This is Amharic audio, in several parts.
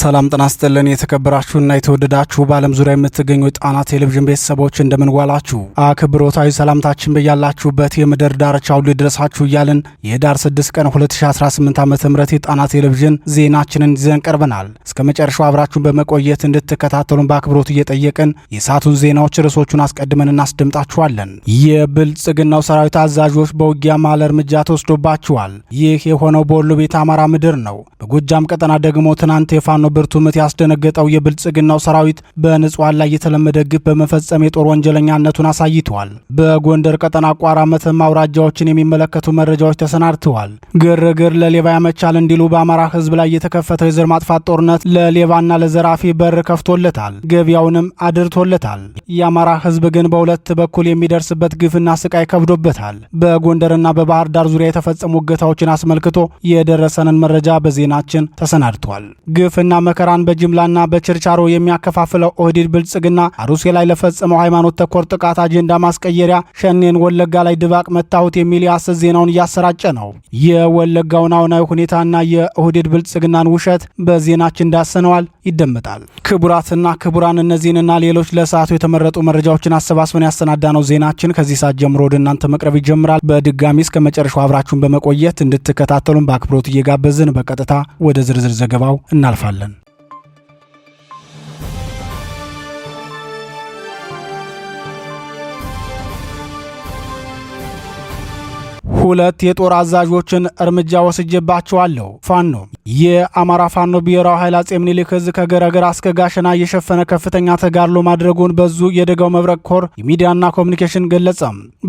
ሰላም ጤና ይስጥልን የተከበራችሁና የተወደዳችሁ በዓለም ዙሪያ የምትገኙ የጣና ቴሌቪዥን ቤተሰቦች እንደምንዋላችሁ አክብሮታዊ ሰላምታችን በያላችሁበት የምድር ዳርቻ ሁሉ ይድረሳችሁ እያልን የህዳር 6 ቀን 2018 ዓ ም የጣና ቴሌቪዥን ዜናችንን ይዘን ቀርበናል። እስከ መጨረሻው አብራችሁን በመቆየት እንድትከታተሉን በአክብሮት እየጠየቅን የሰዓቱን ዜናዎች ርዕሶቹን አስቀድመን እናስደምጣችኋለን። የብልጽግናው ሰራዊት አዛዦች በውጊያ ማለ እርምጃ ተወስዶባቸዋል። ይህ የሆነው በወሎ ቤት አማራ ምድር ነው። በጎጃም ቀጠና ደግሞ ትናንት የፋኖ ፋኖ ብርቱ ምት ያስደነገጠው የብልጽግናው ሰራዊት በንጹሐን ላይ የተለመደ ግፍ በመፈጸም የጦር ወንጀለኛነቱን አሳይቷል። በጎንደር ቀጠና ቋራ፣ መተማ አውራጃዎችን የሚመለከቱ መረጃዎች ተሰናድተዋል። ግርግር ለሌባ ያመቻል እንዲሉ በአማራ ህዝብ ላይ የተከፈተው የዘር ማጥፋት ጦርነት ለሌባና ለዘራፊ በር ከፍቶለታል፣ ገቢያውንም አድርቶለታል። የአማራ ህዝብ ግን በሁለት በኩል የሚደርስበት ግፍና ስቃይ ከብዶበታል። በጎንደርና በባህር ዳር ዙሪያ የተፈጸሙ እገታዎችን አስመልክቶ የደረሰንን መረጃ በዜናችን ተሰናድቷል። ግፍና ስቃይና መከራን በጅምላና በችርቻሮ የሚያከፋፍለው ኦህዴድ ብልጽግና አሩሴ ላይ ለፈጸመው ሃይማኖት ተኮር ጥቃት አጀንዳ ማስቀየሪያ ሸኔን ወለጋ ላይ ድባቅ መታሁት የሚል የሐሰት ዜናውን እያሰራጨ ነው። የወለጋውን አሁናዊ ሁኔታና የኦህዴድ ብልጽግናን ውሸት በዜናችን ዳሰነዋል፣ ይደመጣል። ክቡራትና ክቡራን፣ እነዚህንና ሌሎች ለሰዓቱ የተመረጡ መረጃዎችን አሰባስበን ያሰናዳነው ዜናችን ከዚህ ሰዓት ጀምሮ ወደ እናንተ መቅረብ ይጀምራል። በድጋሚ እስከ መጨረሻው አብራችሁን በመቆየት እንድትከታተሉን በአክብሮት እየጋበዝን በቀጥታ ወደ ዝርዝር ዘገባው እናልፋለን። ሁለት የጦር አዛዦችን እርምጃ ወስጄባቸዋለሁ። ፋኖ የአማራ ፋኖ ብሔራዊ ኃይል አጼ ምኒልክ እዝ ከገረገር እስከ ጋሸና እየሸፈነ ከፍተኛ ተጋድሎ ማድረጉን በዙ የደጋው መብረቅ ኮር የሚዲያና ኮሚኒኬሽን ገለጸ።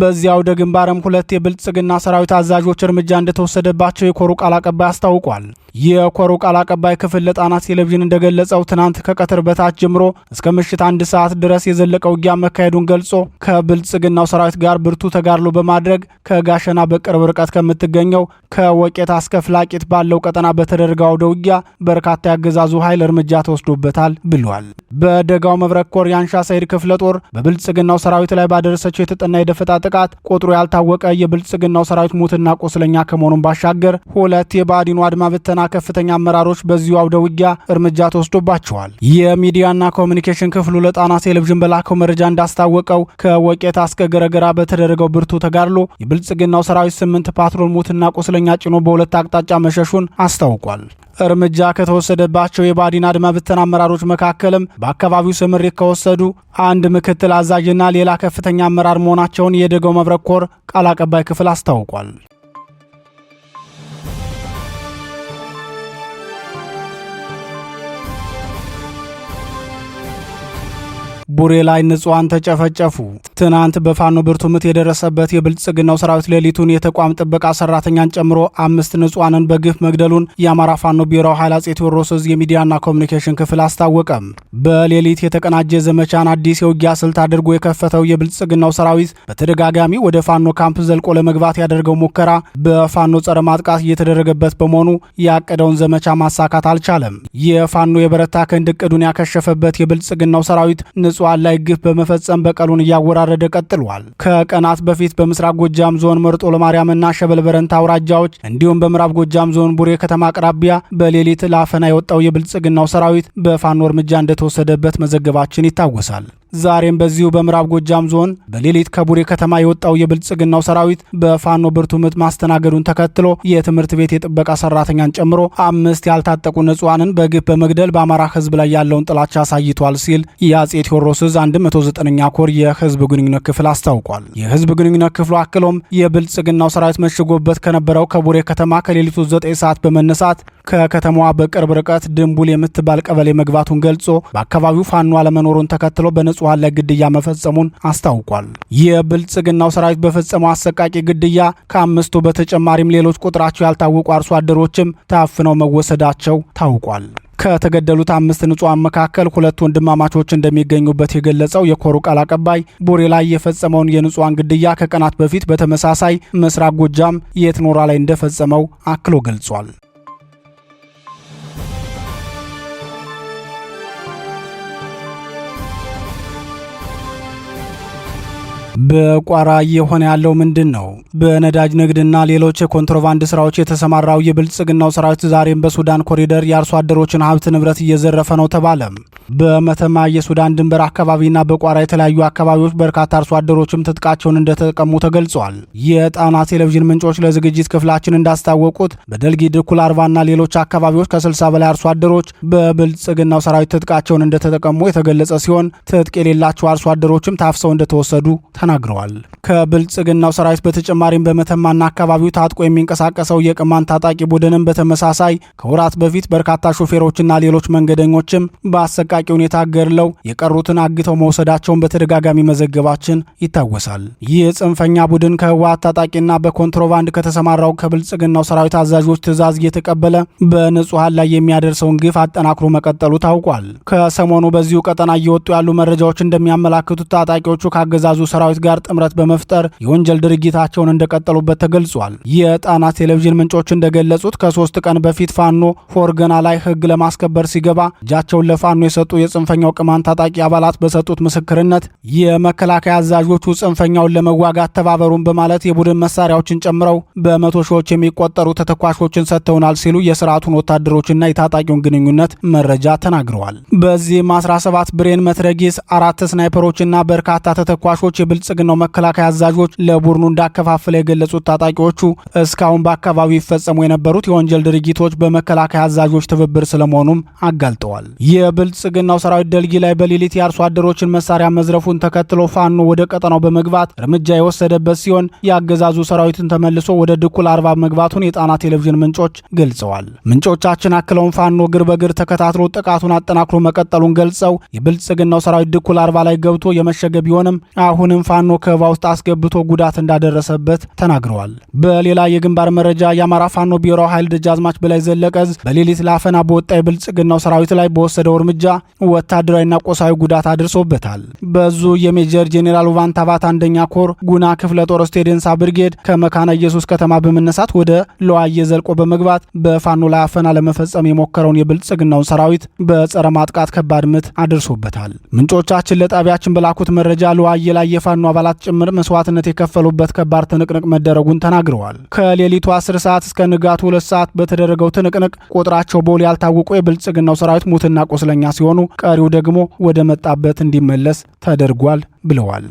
በዚያ አውደ ግንባርም ሁለት የብልጽግና ሰራዊት አዛዦች እርምጃ እንደተወሰደባቸው የኮሩ ቃል አቀባይ አስታውቋል። የኮሩ ቃል አቀባይ ክፍል ለጣና ቴሌቪዥን እንደገለጸው ትናንት ከቀትር በታች ጀምሮ እስከ ምሽት አንድ ሰዓት ድረስ የዘለቀ ውጊያ መካሄዱን ገልጾ ከብልጽግናው ሰራዊት ጋር ብርቱ ተጋድሎ በማድረግ ከጋሸና በቅርብ ርቀት ከምትገኘው ከወቄት እስከ ፍላቂት ባለው ቀጠና በተ በተደረገው አውደ ውጊያ በርካታ ያገዛዙ ኃይል እርምጃ ተወስዶበታል ብሏል። በደጋው መብረቅ ኮር የአንሻ ሰይድ ክፍለ ጦር በብልጽግናው ሰራዊት ላይ ባደረሰችው የተጠና የደፈጣ ጥቃት ቁጥሩ ያልታወቀ የብልጽግናው ሰራዊት ሞትና ቆስለኛ ከመሆኑን ባሻገር ሁለት የባዲኑ አድማ ብተና ከፍተኛ አመራሮች በዚሁ አውደ ውጊያ እርምጃ ተወስዶባቸዋል። የሚዲያና ኮሚኒኬሽን ክፍሉ ለጣና ቴሌቪዥን በላከው መረጃ እንዳስታወቀው ከወቄታ እስከ ገረገራ በተደረገው ብርቱ ተጋድሎ የብልጽግናው ሰራዊት ስምንት ፓትሮል ሞትና ቁስለኛ ጭኖ በሁለት አቅጣጫ መሸሹን አስታውቋል። አስታውቋል። እርምጃ ከተወሰደባቸው የባዲን አድማ አመራሮች መካከልም በአካባቢው ስምሪት ከወሰዱ አንድ ምክትል አዛዥና ሌላ ከፍተኛ አመራር መሆናቸውን የደገው መብረቅ ኮር ቃል አቀባይ ክፍል አስታውቋል። ቡሬ ላይ ንጹሐን ተጨፈጨፉ። ትናንት በፋኖ ብርቱ ምት የደረሰበት የብልጽግናው ሰራዊት ሌሊቱን የተቋም ጥበቃ ሰራተኛን ጨምሮ አምስት ንጹሐንን በግፍ መግደሉን የአማራ ፋኖ ቢሮው ኃይል አጼ ቴዎድሮስ እዝ የሚዲያና ኮሚኒኬሽን ክፍል አስታወቀም። በሌሊት የተቀናጀ ዘመቻን አዲስ የውጊያ ስልት አድርጎ የከፈተው የብልጽግናው ሰራዊት በተደጋጋሚ ወደ ፋኖ ካምፕ ዘልቆ ለመግባት ያደርገው ሙከራ በፋኖ ጸረ ማጥቃት እየተደረገበት በመሆኑ ያቀደውን ዘመቻ ማሳካት አልቻለም። የፋኖ የበረታ ክንድ እቅዱን ያከሸፈበት የብልጽግናው ሰራዊት ንጹ በበዓል ላይ ግፍ በመፈጸም በቀሉን እያወራረደ ቀጥሏል። ከቀናት በፊት በምስራቅ ጎጃም ዞን መርጦ ለማርያምና ሸበል አውራጃዎች እንዲሁም በምዕራብ ጎጃም ዞን ቡሬ ከተማ አቅራቢያ በሌሊት ለአፈና የወጣው የብልጽግናው ሰራዊት በፋኖ እርምጃ እንደተወሰደበት መዘገባችን ይታወሳል። ዛሬም በዚሁ በምዕራብ ጎጃም ዞን በሌሊት ከቡሬ ከተማ የወጣው የብልጽግናው ሰራዊት በፋኖ ብርቱ ምት ማስተናገዱን ተከትሎ የትምህርት ቤት የጥበቃ ሰራተኛን ጨምሮ አምስት ያልታጠቁ ንጹሐንን በግፍ በመግደል በአማራ ህዝብ ላይ ያለውን ጥላቻ አሳይቷል ሲል የአጼ ቴዎድሮስ 19 109ኛ ኮር የህዝብ ግንኙነት ክፍል አስታውቋል። የህዝብ ግንኙነት ክፍሉ አክሎም የብልጽግናው ሰራዊት መሽጎበት ከነበረው ከቡሬ ከተማ ከሌሊቱ 9 ሰዓት በመነሳት ከከተማዋ በቅርብ ርቀት ድንቡል የምትባል ቀበሌ መግባቱን ገልጾ በአካባቢው ፋኖ አለመኖሩን ተከትሎ በንጹሐን ላይ ግድያ መፈጸሙን አስታውቋል። የብልጽግናው ሰራዊት በፈጸመው አሰቃቂ ግድያ ከአምስቱ በተጨማሪም ሌሎች ቁጥራቸው ያልታወቁ አርሶ አደሮችም ታፍነው መወሰዳቸው ታውቋል። ከተገደሉት አምስት ንጹሐን መካከል ሁለት ወንድማማቾች እንደሚገኙበት የገለጸው የኮሩ ቃል አቀባይ ቡሬ ላይ የፈጸመውን የንጹሐን ግድያ ከቀናት በፊት በተመሳሳይ ምስራቅ ጎጃም የትኖራ ላይ እንደፈጸመው አክሎ ገልጿል። በቋራ እየሆነ ያለው ምንድን ነው? በነዳጅ ንግድና ሌሎች የኮንትሮባንድ ስራዎች የተሰማራው የብልጽግናው ሰራዊት ዛሬም በሱዳን ኮሪደር የአርሶ አደሮችን ሀብት ንብረት እየዘረፈ ነው ተባለም በመተማ የሱዳን ድንበር አካባቢና በቋራ የተለያዩ አካባቢዎች በርካታ አርሶ አደሮችም ትጥቃቸውን እንደተጠቀሙ ተገልጿል። የጣና ቴሌቪዥን ምንጮች ለዝግጅት ክፍላችን እንዳስታወቁት በደልጊ ድኩል አርባና ሌሎች አካባቢዎች ከስልሳ በላይ አርሶ አደሮች በብልጽግናው ሰራዊት ትጥቃቸውን እንደተጠቀሙ የተገለጸ ሲሆን ትጥቅ የሌላቸው አርሶ አደሮችም ታፍሰው እንደተወሰዱ ተናግረዋል። ከብልጽግናው ሰራዊት በተጨማሪም በመተማና አካባቢው ታጥቆ የሚንቀሳቀሰው የቅማን ታጣቂ ቡድንም በተመሳሳይ ከወራት በፊት በርካታ ሾፌሮችና ሌሎች መንገደኞችም በአሰቃ በአሰቃቂ ሁኔታ የቀሩትን አግተው መውሰዳቸውን በተደጋጋሚ መዘገባችን ይታወሳል። ይህ ጽንፈኛ ቡድን ከህወሓት ታጣቂና በኮንትሮባንድ ከተሰማራው ከብልጽግናው ሰራዊት አዛዦች ትዕዛዝ እየተቀበለ በንጹሐን ላይ የሚያደርሰውን ግፍ አጠናክሮ መቀጠሉ ታውቋል። ከሰሞኑ በዚሁ ቀጠና እየወጡ ያሉ መረጃዎች እንደሚያመላክቱት ታጣቂዎቹ ከአገዛዙ ሰራዊት ጋር ጥምረት በመፍጠር የወንጀል ድርጊታቸውን እንደቀጠሉበት ተገልጿል። የጣና ቴሌቪዥን ምንጮች እንደገለጹት ከሶስት ቀን በፊት ፋኖ ፎርገና ላይ ህግ ለማስከበር ሲገባ እጃቸውን ለፋኖ የሰጡ የተመረጡ የጽንፈኛው ቅማን ታጣቂ አባላት በሰጡት ምስክርነት የመከላከያ አዛዦቹ ጽንፈኛውን ለመዋጋት ተባበሩን በማለት የቡድን መሳሪያዎችን ጨምረው በመቶ ሺዎች የሚቆጠሩ ተተኳሾችን ሰጥተውናል ሲሉ የስርዓቱን ወታደሮችና የታጣቂውን ግንኙነት መረጃ ተናግረዋል። በዚህም 17 ብሬን መትረጊስ፣ አራት ስናይፐሮችና በርካታ ተተኳሾች የብልጽግናው መከላከያ አዛዦች ለቡድኑ እንዳከፋፍለ የገለጹት ታጣቂዎቹ እስካሁን በአካባቢው ይፈጸሙ የነበሩት የወንጀል ድርጊቶች በመከላከያ አዛዦች ትብብር ስለመሆኑም አጋልጠዋል። የብልጽግናው ሰራዊት ደልጊ ላይ በሌሊት የአርሶ አደሮችን መሳሪያ መዝረፉን ተከትሎ ፋኖ ወደ ቀጠናው በመግባት እርምጃ የወሰደበት ሲሆን የአገዛዙ ሰራዊትን ተመልሶ ወደ ድኩል አርባ መግባቱን የጣና ቴሌቪዥን ምንጮች ገልጸዋል። ምንጮቻችን አክለውን ፋኖ ግር በግር ተከታትሎ ጥቃቱን አጠናክሮ መቀጠሉን ገልጸው የብልጽግናው ሰራዊት ድኩል አርባ ላይ ገብቶ የመሸገ ቢሆንም አሁንም ፋኖ ከበባ ውስጥ አስገብቶ ጉዳት እንዳደረሰበት ተናግረዋል። በሌላ የግንባር መረጃ የአማራ ፋኖ ብሔራዊ ኃይል ደጃዝማች በላይ ዘለቀዝ በሌሊት ላፈና በወጣ የብልጽግናው ሰራዊት ላይ በወሰደው እርምጃ ወታደራዊና ቆሳዊ ጉዳት አድርሶበታል። በዙ የሜጀር ጄኔራል ቫን አንደኛ ኮር ጉና ክፍለ ጦር ስቴ ብርጌድ ከመካነ ኢየሱስ ከተማ በመነሳት ወደ ለዋየ ዘልቆ በመግባት በፋኖ ላይ አፈና ለመፈጸም የሞከረውን የብልጽግናውን ሰራዊት በጸረ ማጥቃት ከባድ ምት አድርሶበታል። ምንጮቻችን ለጣቢያችን በላኩት መረጃ ለዋየ ላይ የፋኖ አባላት ጭምር መስዋዕትነት የከፈሉበት ከባድ ትንቅንቅ መደረጉን ተናግረዋል። ከሌሊቱ 10 ሰዓት እስከ ንጋቱ 2 ሰዓት በተደረገው ትንቅንቅ ቁጥራቸው በውል ያልታወቁ የብልጽግናው ሰራዊት ሙትና ቁስለኛ ሲሆን ሲሆኑ ቀሪው ደግሞ ወደ መጣበት እንዲመለስ ተደርጓል ብለዋል።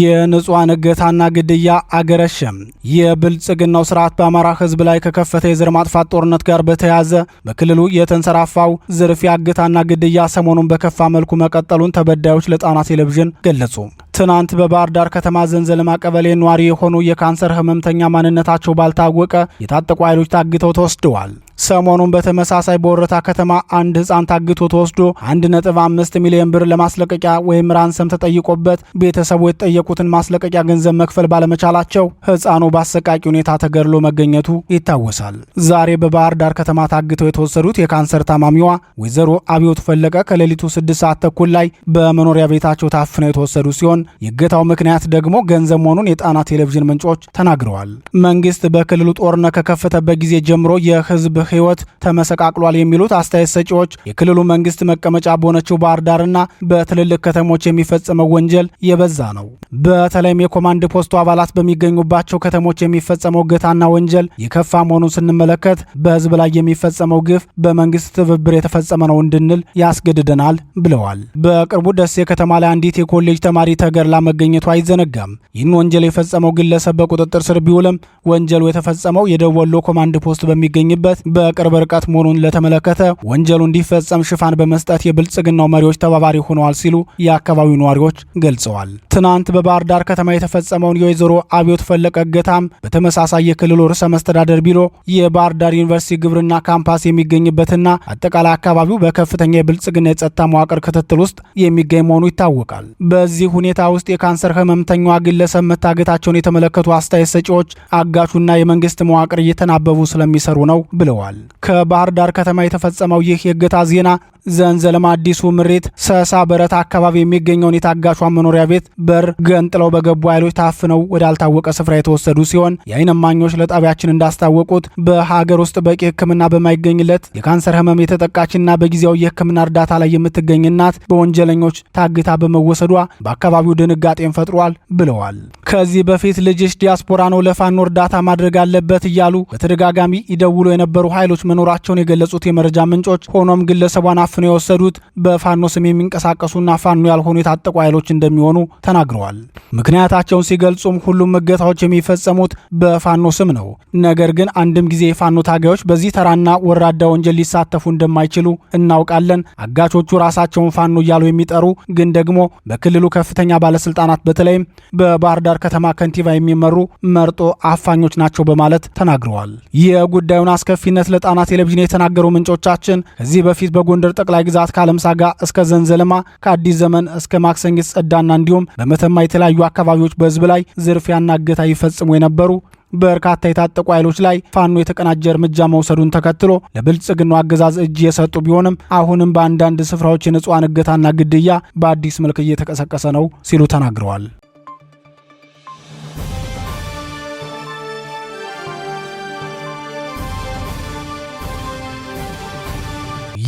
የንጹሐን እገታና ግድያ አገረሸም። የብልጽግናው ስርዓት በአማራ ህዝብ ላይ ከከፈተ የዘር ማጥፋት ጦርነት ጋር በተያያዘ በክልሉ የተንሰራፋው ዝርፊያ፣ እገታና ግድያ ሰሞኑን በከፋ መልኩ መቀጠሉን ተበዳዮች ለጣና ቴሌቪዥን ገለጹ። ትናንት በባህር ዳር ከተማ ዘንዘልማ ቀበሌ ኗሪ የሆኑ የካንሰር ህመምተኛ ማንነታቸው ባልታወቀ የታጠቁ ኃይሎች ታግተው ተወስደዋል። ሰሞኑን በተመሳሳይ በወረታ ከተማ አንድ ህፃን ታግቶ ተወስዶ 1.5 ሚሊዮን ብር ለማስለቀቂያ ወይም ራንሰም ተጠይቆበት ቤተሰቡ የተጠየቁትን ማስለቀቂያ ገንዘብ መክፈል ባለመቻላቸው ህፃኑ በአሰቃቂ ሁኔታ ተገድሎ መገኘቱ ይታወሳል። ዛሬ በባህር ዳር ከተማ ታግተው የተወሰዱት የካንሰር ታማሚዋ ወይዘሮ አብዮት ፈለቀ ከሌሊቱ 6 ሰዓት ተኩል ላይ በመኖሪያ ቤታቸው ታፍነው የተወሰዱ ሲሆን የእገታው ምክንያት ደግሞ ገንዘብ መሆኑን የጣና ቴሌቪዥን ምንጮች ተናግረዋል። መንግስት በክልሉ ጦርነት ከከፈተበት ጊዜ ጀምሮ የህዝብ ህይወት ተመሰቃቅሏል የሚሉት አስተያየት ሰጪዎች የክልሉ መንግስት መቀመጫ በሆነችው ባህር ዳርና በትልልቅ ከተሞች የሚፈጸመው ወንጀል የበዛ ነው። በተለይም የኮማንድ ፖስቱ አባላት በሚገኙባቸው ከተሞች የሚፈጸመው እገታና ወንጀል የከፋ መሆኑን ስንመለከት በህዝብ ላይ የሚፈጸመው ግፍ በመንግስት ትብብር የተፈጸመ ነው እንድንል ያስገድደናል ብለዋል። በቅርቡ ደሴ ከተማ ላይ አንዲት የኮሌጅ ተማሪ ተገድላ መገኘቱ አይዘነጋም። ይህን ወንጀል የፈጸመው ግለሰብ በቁጥጥር ስር ቢውልም ወንጀሉ የተፈጸመው የደቡብ ወሎ ኮማንድ ፖስት በሚገኝበት በቅርብ ርቀት መሆኑን ለተመለከተ ወንጀሉ እንዲፈጸም ሽፋን በመስጠት የብልጽግናው መሪዎች ተባባሪ ሆነዋል ሲሉ የአካባቢው ነዋሪዎች ገልጸዋል። ትናንት በባህር ዳር ከተማ የተፈጸመውን የወይዘሮ አብዮት ፈለቀ እገታም በተመሳሳይ የክልሉ ርዕሰ መስተዳደር ቢሮ የባህር ዳር ዩኒቨርሲቲ ግብርና ካምፓስ የሚገኝበትና አጠቃላይ አካባቢው በከፍተኛ የብልጽግና የጸጥታ መዋቅር ክትትል ውስጥ የሚገኝ መሆኑ ይታወቃል። በዚህ ሁኔታ ውስጥ የካንሰር ህመምተኛዋ ግለሰብ መታገታቸውን የተመለከቱ አስተያየት ሰጪዎች አጋቹና የመንግስት መዋቅር እየተናበቡ ስለሚሰሩ ነው ብለዋል። ተናግረዋል። ከባህር ዳር ከተማ የተፈጸመው ይህ የእገታ ዜና ዘንዘልማ አዲሱ ምሬት ሰሳ በረት አካባቢ የሚገኘውን የታጋቿ መኖሪያ ቤት በር ገንጥለው በገቡ ኃይሎች ታፍነው ወዳልታወቀ ስፍራ የተወሰዱ ሲሆን የአይን እማኞች ለጣቢያችን እንዳስታወቁት በሀገር ውስጥ በቂ ሕክምና በማይገኝለት የካንሰር ህመም የተጠቃችና በጊዜያዊ የሕክምና እርዳታ ላይ የምትገኝ እናት በወንጀለኞች ታግታ በመወሰዷ በአካባቢው ድንጋጤን ፈጥሯል ብለዋል። ከዚህ በፊት ልጅሽ ዲያስፖራ ነው ለፋኖ እርዳታ ማድረግ አለበት እያሉ በተደጋጋሚ ይደውሉ የነበሩ ኃይሎች መኖራቸውን የገለጹት የመረጃ ምንጮች ሆኖም ግለሰቧን አፍ ነው የወሰዱት በፋኖ ስም የሚንቀሳቀሱና ፋኖ ያልሆኑ የታጠቁ ኃይሎች እንደሚሆኑ ተናግረዋል። ምክንያታቸውን ሲገልጹም ሁሉም እገታዎች የሚፈጸሙት በፋኖ ስም ነው። ነገር ግን አንድም ጊዜ የፋኖ ታጋዮች በዚህ ተራና ወራዳ ወንጀል ሊሳተፉ እንደማይችሉ እናውቃለን። አጋቾቹ ራሳቸውን ፋኖ እያሉ የሚጠሩ ግን ደግሞ በክልሉ ከፍተኛ ባለስልጣናት በተለይም በባህር ዳር ከተማ ከንቲባ የሚመሩ መርጦ አፋኞች ናቸው በማለት ተናግረዋል። የጉዳዩን አስከፊነት ለጣና ቴሌቪዥን የተናገሩ ምንጮቻችን ከዚህ በፊት በጎንደር ጠቅላይ ግዛት ከአለምሳ ጋር እስከ ዘንዘለማ ከአዲስ ዘመን እስከ ማክሰኝት ጸዳና እንዲሁም በመተማ የተለያዩ አካባቢዎች በህዝብ ላይ ዝርፊያና እገታ ይፈጽሙ የነበሩ በርካታ የታጠቁ ኃይሎች ላይ ፋኖ የተቀናጀ እርምጃ መውሰዱን ተከትሎ ለብልጽግናው አገዛዝ እጅ የሰጡ ቢሆንም አሁንም በአንዳንድ ስፍራዎች የንጹሐን እገታና ግድያ በአዲስ መልክ እየተቀሰቀሰ ነው ሲሉ ተናግረዋል።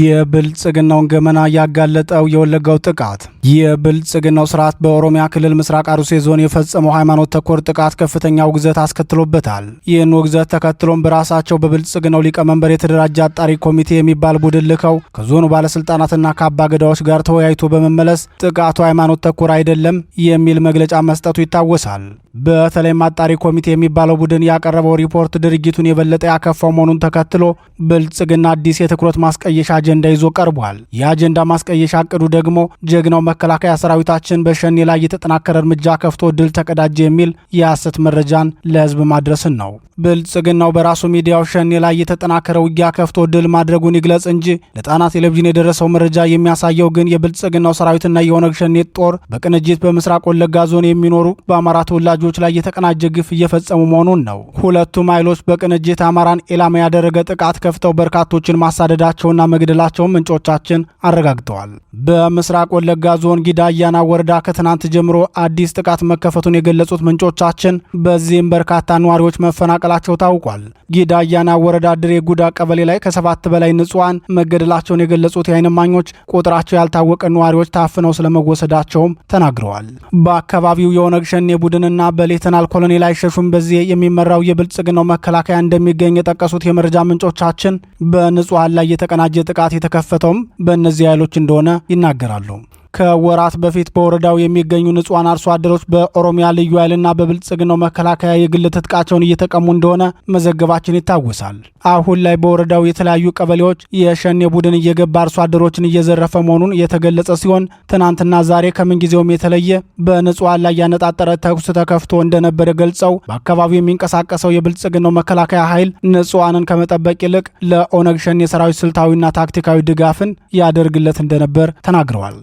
የብልጽግናውን ገመና ያጋለጠው የወለጋው ጥቃት የብልጽግናው ስርዓት በኦሮሚያ ክልል ምስራቅ አርሲ ዞን የፈጸመው ሃይማኖት ተኮር ጥቃት ከፍተኛ ውግዘት አስከትሎበታል። ይህን ውግዘት ተከትሎም በራሳቸው በብልጽግናው ሊቀመንበር የተደራጀ አጣሪ ኮሚቴ የሚባል ቡድን ልከው ከዞኑ ባለስልጣናትና ከአባ ገዳዎች ጋር ተወያይቶ በመመለስ ጥቃቱ ሃይማኖት ተኮር አይደለም የሚል መግለጫ መስጠቱ ይታወሳል። በተለይም አጣሪ ኮሚቴ የሚባለው ቡድን ያቀረበው ሪፖርት ድርጊቱን የበለጠ ያከፋው መሆኑን ተከትሎ ብልጽግና አዲስ የትኩረት ማስቀየሻ አጀንዳ ይዞ ቀርቧል። የአጀንዳ ማስቀየሻ እቅዱ ደግሞ ጀግናው መከላከያ ሰራዊታችን በሸኔ ላይ የተጠናከረ እርምጃ ከፍቶ ድል ተቀዳጀ የሚል የሐሰት መረጃን ለህዝብ ማድረስን ነው። ብልጽግናው በራሱ ሚዲያው ሸኔ ላይ የተጠናከረ ውጊያ ከፍቶ ድል ማድረጉን ይግለጽ እንጂ ለጣና ቴሌቪዥን የደረሰው መረጃ የሚያሳየው ግን የብልጽግናው ሰራዊትና የኦነግ ሸኔ ጦር በቅንጅት በምስራቅ ወለጋ ዞን የሚኖሩ በአማራ ተወላጆች ላይ የተቀናጀ ግፍ እየፈጸሙ መሆኑን ነው። ሁለቱም ኃይሎች በቅንጅት አማራን ኢላማ ያደረገ ጥቃት ከፍተው በርካቶችን ማሳደዳቸውና መግደላቸውን ምንጮቻችን አረጋግጠዋል። በምስራቅ ወለጋ ዞን ጊዳ አያና ወረዳ ከትናንት ጀምሮ አዲስ ጥቃት መከፈቱን የገለጹት ምንጮቻችን በዚህም በርካታ ነዋሪዎች መፈናቀላቸው ታውቋል። ጊዳ አያና ወረዳ ድሬ ጉዳ ቀበሌ ላይ ከሰባት በላይ ንጹሐን መገደላቸውን የገለጹት የአይን እማኞች ቁጥራቸው ያልታወቀ ነዋሪዎች ታፍነው ስለመወሰዳቸውም ተናግረዋል። በአካባቢው የኦነግ ሸኔ ቡድንና በሌተናል ኮሎኔል አይሸሹም በዚህ የሚመራው የብልጽግናው መከላከያ እንደሚገኝ የጠቀሱት የመረጃ ምንጮቻችን በንጹሐን ላይ የተቀናጀ ጥቃት የተከፈተውም በእነዚህ ኃይሎች እንደሆነ ይናገራሉ። ከወራት በፊት በወረዳው የሚገኙ ንጹሐን አርሶ አደሮች በኦሮሚያ ልዩ ኃይልና በብልጽግናው መከላከያ የግል ትጥቃቸውን እየተቀሙ እንደሆነ መዘገባችን ይታወሳል። አሁን ላይ በወረዳው የተለያዩ ቀበሌዎች የሸኔ ቡድን እየገባ አርሶ አደሮችን እየዘረፈ መሆኑን የተገለጸ ሲሆን ትናንትና ዛሬ ከምንጊዜውም የተለየ በንጹሐን ላይ ያነጣጠረ ተኩስ ተከፍቶ እንደነበረ ገልጸው በአካባቢው የሚንቀሳቀሰው የብልጽግናው መከላከያ ኃይል ንጹሐንን ከመጠበቅ ይልቅ ለኦነግ ሸኔ ሰራዊት ስልታዊና ታክቲካዊ ድጋፍን ያደርግለት እንደነበር ተናግረዋል።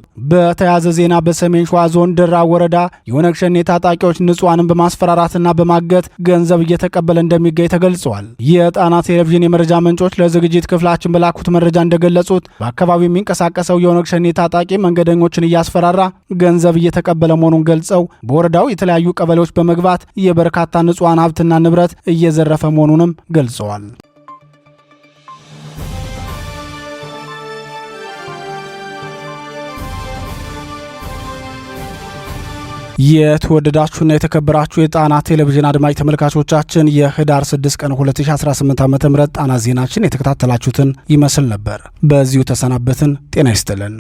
በተያዘ ዜና በሰሜን ሸዋ ዞን ደራ ወረዳ የኦነግ ሸኔ ታጣቂዎች ንጹሐንን በማስፈራራትና በማገት ገንዘብ እየተቀበለ እንደሚገኝ ተገልጸዋል። የጣና ቴሌቪዥን የመረጃ ምንጮች ለዝግጅት ክፍላችን በላኩት መረጃ እንደገለጹት በአካባቢው የሚንቀሳቀሰው የኦነግ ሸኔ ታጣቂ መንገደኞችን እያስፈራራ ገንዘብ እየተቀበለ መሆኑን ገልጸው በወረዳው የተለያዩ ቀበሌዎች በመግባት የበርካታ ንጹሐን ሀብትና ንብረት እየዘረፈ መሆኑንም ገልጸዋል። የተወደዳችሁና የተከበራችሁ የጣና ቴሌቪዥን አድማጭ ተመልካቾቻችን የህዳር 6 ቀን 2018 ዓ ም ጣና ዜናችን የተከታተላችሁትን ይመስል ነበር። በዚሁ ተሰናበትን። ጤና ይስጥልን።